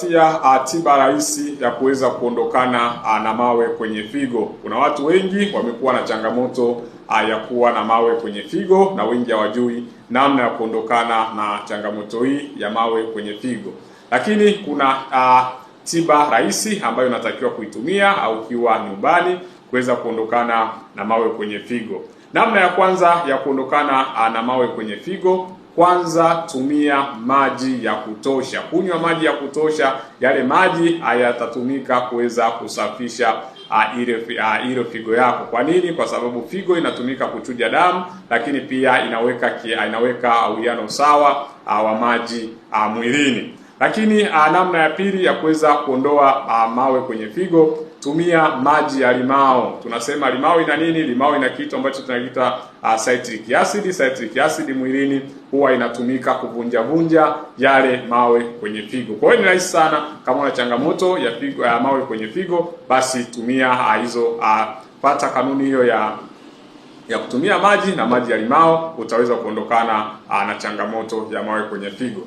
tia ah, tiba rahisi ya kuweza kuondokana ah, na mawe kwenye figo. Kuna watu wengi wamekuwa na changamoto ah, ya kuwa na mawe kwenye figo, na wengi hawajui namna ya kuondokana na changamoto hii ya mawe kwenye figo, lakini kuna a, tiba rahisi ambayo unatakiwa kuitumia au ukiwa nyumbani kuweza kuondokana na mawe kwenye figo. Namna ya kwanza ya kuondokana na mawe kwenye figo kwanza tumia maji ya kutosha, kunywa maji ya kutosha. Yale maji hayatatumika kuweza kusafisha Uh, ile figo yako. Kwa nini? Kwa sababu figo inatumika kuchuja damu, lakini pia inaweka kia, inaweka uwiano sawa ah, wa maji mwilini. Lakini ah, namna ya pili ya kuweza kuondoa ah, mawe kwenye figo, tumia maji ya limao. Tunasema limao ina nini? Limao ina kitu ambacho tunakiita ah, citric acid. Citric acid mwilini huwa inatumika kuvunja vunja yale mawe kwenye figo. Kwa hiyo ni rahisi sana, kama una changamoto ya figo, ya mawe kwenye figo, basi tumia hizo, pata kanuni hiyo ya ya kutumia maji na maji ya limao, utaweza kuondokana na changamoto ya mawe kwenye figo.